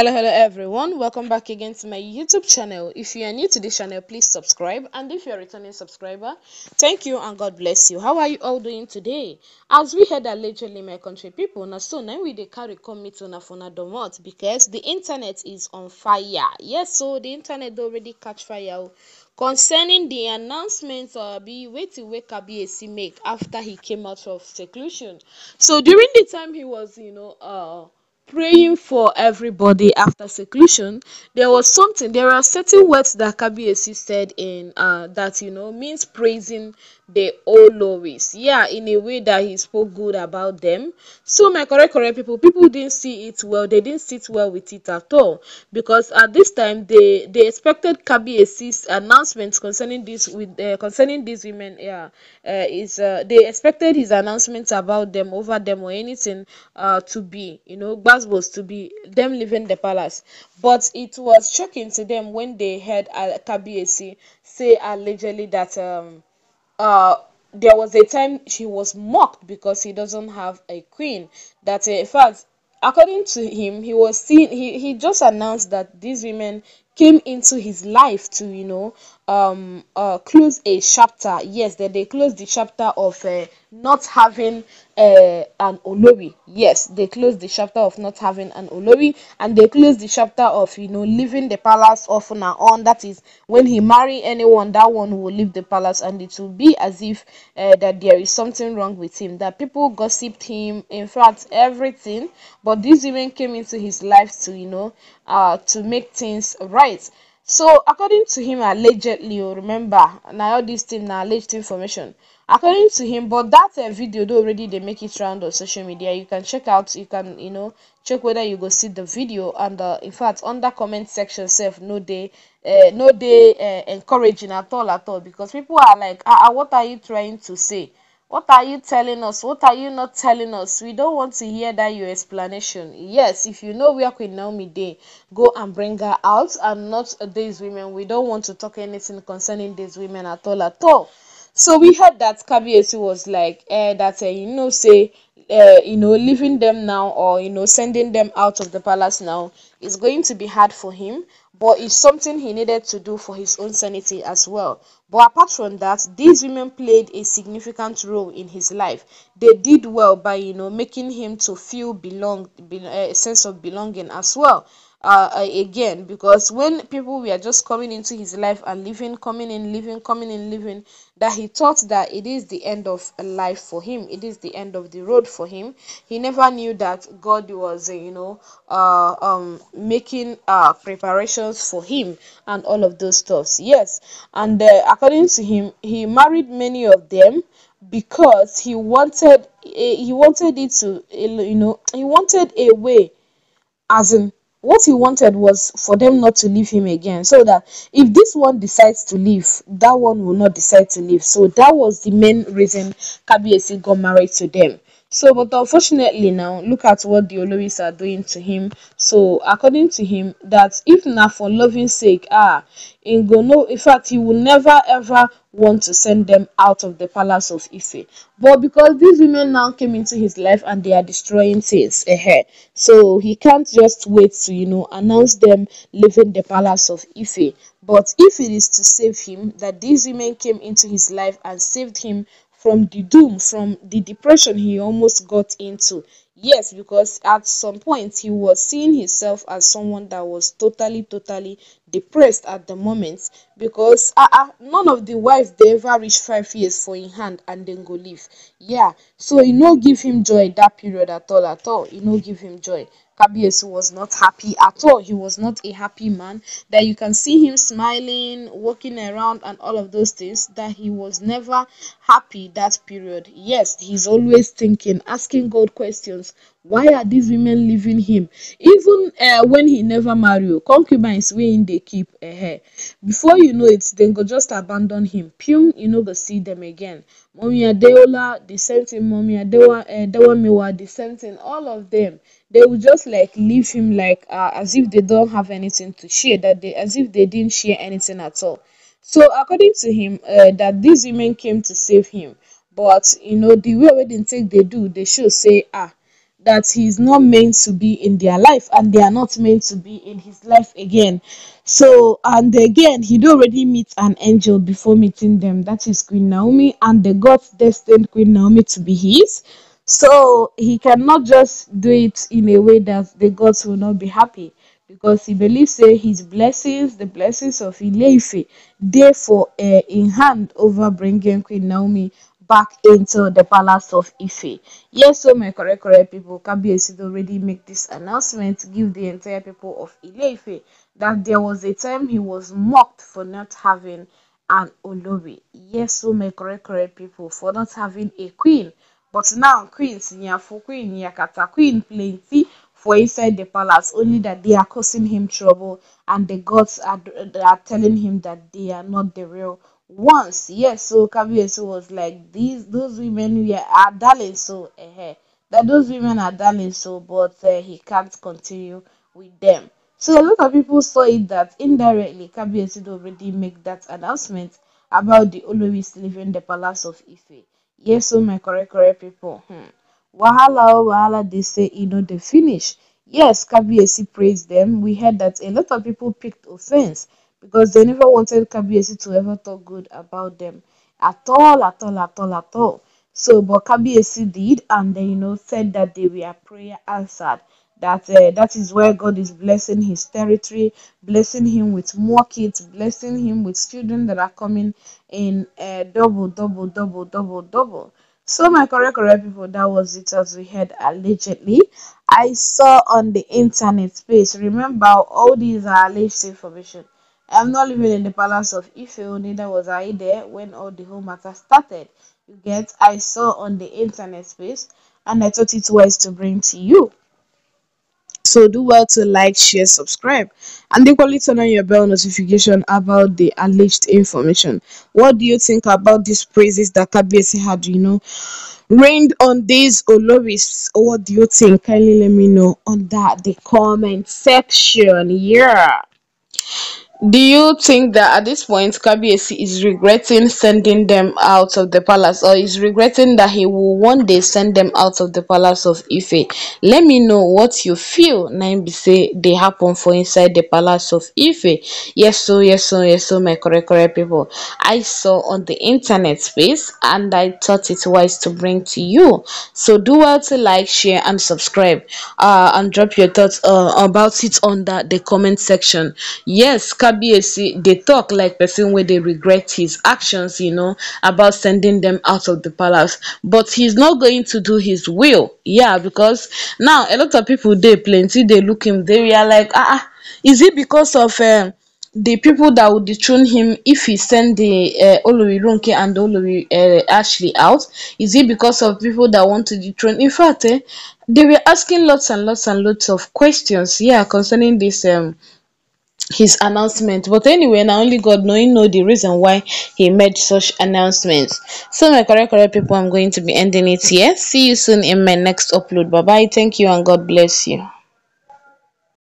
hello hello everyone welcome back again to my youtube channel if you are new to this channel please subscribe and if you're a returning subscriber thank you and god bless you how are you all doing today as we heard allegedly my country people now so now we they carry come meet on a domot because the internet is on fire yes so the internet already catch fire oh. concerning the announcement to wake up BAC make after he came out of seclusion so during the time he was you know uh, praying for everybody after seclusion there was something there are certain words that kabiesi said in uh that you know means praising the oloris yeah in a way that he spoke good about them so my correct correct people people didn't see it well they didn't sit well with it at all because at this time they they expected kabiesi's announcements concerning this with uh, concerning these women yeah uh, is uh, they expected his announcements about them over them or anything uh to be you know palace was to be them leaving the palace, but it was shocking to them when they heard Al- Kabiesi say allegedly that um uh there was a time she was mocked because he doesn't have a queen. That uh, in fact, according to him, he was seen. He he just announced that these women came into his life to you know um uh, close a chapter yes then they close the chapter of uh, not having uh, an olori yes they close the chapter of not having an olori and they close the chapter of you know leaving the palace off and on that is when he marry anyone that one will leave the palace and it will be as if uh, that there is something wrong with him that people gossiped him in fact everything but this even came into his life to you know uh, to make things right so, according to him, allegedly, remember, now all this thing now alleged information. According to him, but that uh, video though already they make it round on social media. You can check out, you can you know check whether you go see the video. And uh, in fact, under comment section, self no day, uh, eh, no day eh, encouraging at all at all because people are like, ah, ah what are you trying to say? What are you telling us? What are you not telling us? We don't want to hear that your explanation. Yes, if you know where Queen Naomi Day, go and bring her out and not these women. We don't want to talk anything concerning these women at all at all. So we heard that Kabiesi was like, eh, that uh, you know, say, uh, you know, leaving them now or you know, sending them out of the palace now is going to be hard for him but it's something he needed to do for his own sanity as well. But apart from that, these women played a significant role in his life. They did well by you know making him to feel belong, be, eh, a sense of belonging as well. Uh, uh, again because when people were just coming into his life and living, coming in, living, coming in, living, that he thought that it is the end of life for him, it is the end of the road for him. He never knew that God was, uh, you know, uh, um, making uh, preparations for him and all of those stuffs. Yes, and uh, according to him, he married many of them because he wanted eh, he wanted it to eh, you know he wanted a way as in what he wanted was for them not to leave him again so that if this one decides to leave that one will not decide to leave so that was the main reason kbac got married to them so, but unfortunately now, look at what the Oloris are doing to him. So, according to him, that if not for loving sake, ah, in go no, in fact, he will never ever want to send them out of the palace of Ife. But because these women now came into his life and they are destroying things, eh, so he can't just wait to, you know, announce them leaving the palace of Ife. But if it is to save him, that these women came into his life and saved him from the doom from the depression he almost got into Yes, because at some point he was seeing himself as someone that was totally, totally depressed at the moment because uh, uh, none of the wives they ever reach five years for in hand and then go leave. Yeah, so you know, give him joy that period at all, at all. You know, give him joy. Kabiesu was not happy at all. He was not a happy man. That you can see him smiling, walking around, and all of those things. That he was never happy that period. Yes, he's always thinking, asking God questions why are these women leaving him even uh, when he never marry o concubines wey him dey keep uh, before you know it dem go just abandon him Pium, you no go see dem again Momia adeola the same thing mommy adewa eh, uh, the same thing all of them they will just like leave him like uh, as if they don't have anything to share that they as if they didn't share anything at all so according to him uh, that these women came to save him but you know the way wey dem take dey do dey show say ah that he's not meant to be in their life and they are not meant to be in his life again. So, and again, he'd already meet an angel before meeting them. That is Queen Naomi, and the God destined Queen Naomi to be his. So he cannot just do it in a way that the gods will not be happy because he believes say his blessings, the blessings of Ileife, therefore uh, in hand over bringing Queen Naomi back into the palace of Ife. Yes, so my correct, correct people, Kabiyesi already make this announcement, give the entire people of Ile Ife that there was a time he was mocked for not having an Olobi. Yes, so my correct, correct people, for not having a queen. But now queens, Nyafo, Queen Nyakata, Queen Plenty for inside the palace, only that they are causing him trouble and the gods are, are telling him that they are not the real once yes so kabiyesi was like these those women were are darling so uh, that those women are darling so but uh, he can't continue with them so a lot of people saw it that indirectly kabiyesi already make that announcement about the Oloris leaving the palace of Ife yes so my correct correct people hmm. wahala oh, wahala they say you know they finish yes kabiyesi praised them we heard that a lot of people picked offense because they never wanted Kabiyesi to ever talk good about them at all, at all, at all, at all. So, but Kabiyesi did, and they you know said that they were prayer answered. That uh, that is where God is blessing His territory, blessing Him with more kids, blessing Him with students that are coming in uh, double, double, double, double, double. So, my correct, correct people, that was it as we heard allegedly. I saw on the internet space. Remember, all these are alleged information. I am not living in the palace of Ife, neither was I there when all the whole matter started. You get, I saw on the internet space and I thought it was to bring to you. So do well to like, share, subscribe, and equally turn on your bell notification about the alleged information. What do you think about these praises that KBSC had, you know, rained on these Oloris? What do you think? Kindly let me know on that the comment section. Yeah. Do you think that at this point Kabiyesi is regretting sending them out of the palace or is regretting that he will one day send them out of the palace of Ife? Let me know what you feel. Naim say they happen for inside the palace of Ife. Yes so, yes so, yes so, my correct correct people. I saw on the internet space and I thought it wise to bring to you. So do well to like, share and subscribe uh, and drop your thoughts uh, about it under the comment section. Yes, Kabiyesi they talk tok like person where they regret his actions, you know, about sending them out of the palace. But he's not going to do his will. Yeah, because now a lot of people they plenty, they look him, they are like, ah, ah, is it because of um, the people that would dethrone him if he send the uh, Olori and Olori uh, Ashley out? Is it because of people that want to dethrone? In fact, eh, they were asking lots and lots and lots of questions, yeah, concerning this um, his announcement but anyway now only god knowing know the reason why he made such announcements. so my correct correct people i'm going to be ending it here see you soon in my next upload bye bye thank you and god bless you